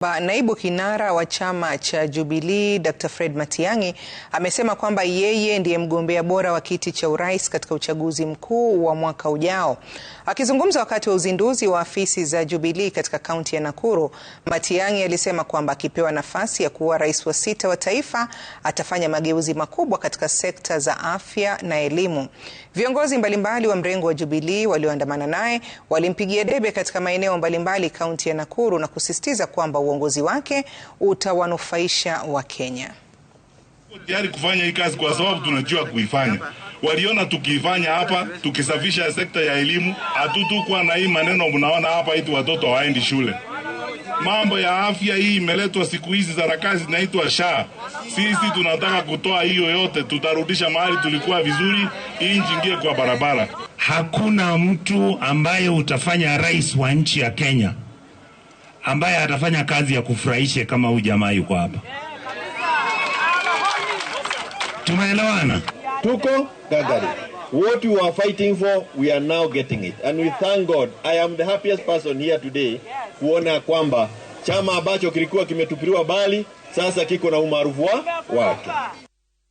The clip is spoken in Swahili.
Ba, naibu kinara wa chama cha Jubilee Dr. Fred Matiang'i amesema kwamba yeye ndiye mgombea bora wa kiti cha urais katika uchaguzi mkuu wa mwaka ujao. Akizungumza wakati wa uzinduzi wa afisi za Jubilee katika kaunti ya Nakuru, Matiang'i alisema kwamba akipewa nafasi ya kuwa rais wa sita wa taifa atafanya mageuzi makubwa katika sekta za afya na elimu. Viongozi mbalimbali wa mrengo wa Jubilee walioandamana naye walimpigia debe katika maeneo mbalimbali kaunti ya Nakuru na kusisitiza kwamba uongozi wake utawanufaisha Wakenya. Tayari kufanya hii kazi kwa sababu tunajua kuifanya. Waliona tukiifanya hapa, tukisafisha sekta ya elimu, hatutukwa na hii maneno mnaona hapa itu watoto hawaendi shule. Mambo ya afya hii imeletwa siku hizi rakazi inaitwa SHA. Sisi tunataka kutoa hiyo yote, tutarudisha mahali tulikuwa vizuri, hii nchi ingie kwa barabara. Hakuna mtu ambaye utafanya rais wa nchi ya Kenya ambaye atafanya kazi ya kufurahisha kama huyu jamaa yuko hapa. Tumeelewana? Tuko gagari. What you are fighting for, we are now getting it. And we thank God. I am the happiest person here today kuona kwamba chama ambacho kilikuwa kimetupiliwa bali sasa kiko na umaarufu wake.